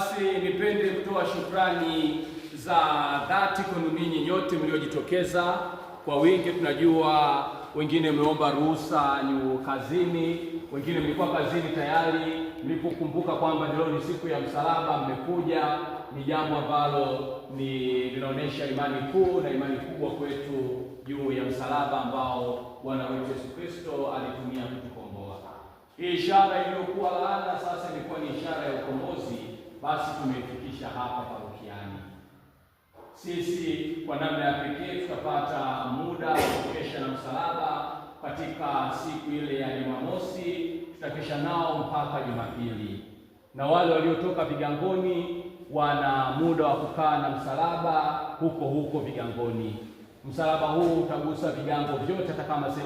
Basi nipende kutoa shukrani za dhati kwenu ninyi nyote mliojitokeza kwa wingi. Tunajua wengine mmeomba ruhusa ni kazini, wengine mlikuwa kazini tayari. Mlipokumbuka kwamba leo ni siku ya msalaba, mmekuja. Ni jambo ambalo ni linaonyesha imani kuu na imani kubwa kwetu juu ya msalaba ambao Bwana wetu Yesu Kristo alitumia kutukomboa. Hii ishara iliyokuwa laana sasa ilikuwa ni ishara ya ukombozi basi tumeifikisha hapa parokiani. Sisi kwa namna ya pekee tutapata muda wa kukesha na msalaba katika siku ile ya Jumamosi, tutakesha nao mpaka Jumapili, na wale waliotoka vigangoni wana muda wa kukaa na msalaba huko huko vigangoni. Msalaba huu utagusa vigango vyote hata kama